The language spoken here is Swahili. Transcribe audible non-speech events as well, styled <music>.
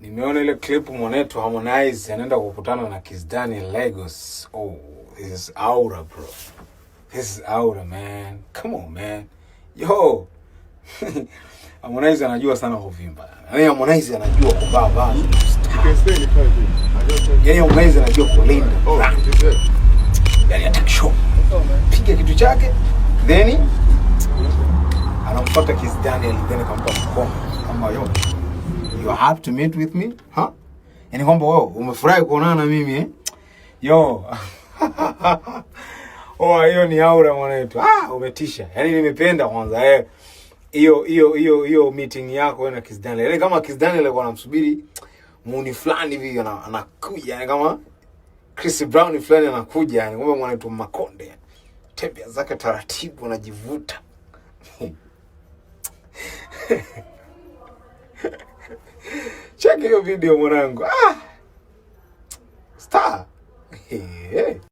Nimeona ile clip mwanetu Harmonize anaenda kukutana na Kiss Daniel Lagos. Oh, this is aura bro. This is aura man. Come on man. Yo. <laughs> Harmonize anajua sana kuvimba. Yaani Harmonize anajua kuvaa vazi. Yaani Harmonize anajua kulinda. Yaani attack show. Piga kitu chake then anampata Kiss Daniel then kampa mkono kama yote you are happy to meet with me huh? Yani kwamba wewe umefurahi kuonana na mimi eh? Yo. <laughs> Oh, hiyo ni aura mwanetu. Ah, umetisha. Yaani nimependa kwanza eh. Hiyo hiyo hiyo hiyo meeting yako wewe na Kiss Daniel. Yaani kama Kiss Daniel alikuwa anamsubiri muuni fulani hivi anakuja, yaani kama Chris Brown fulani anakuja, yaani kumbe mwanetu Makonde. Yaani Tembea zake taratibu anajivuta. <laughs> Cheki hiyo video mwanangu. Ah. Star. <laughs> Hey.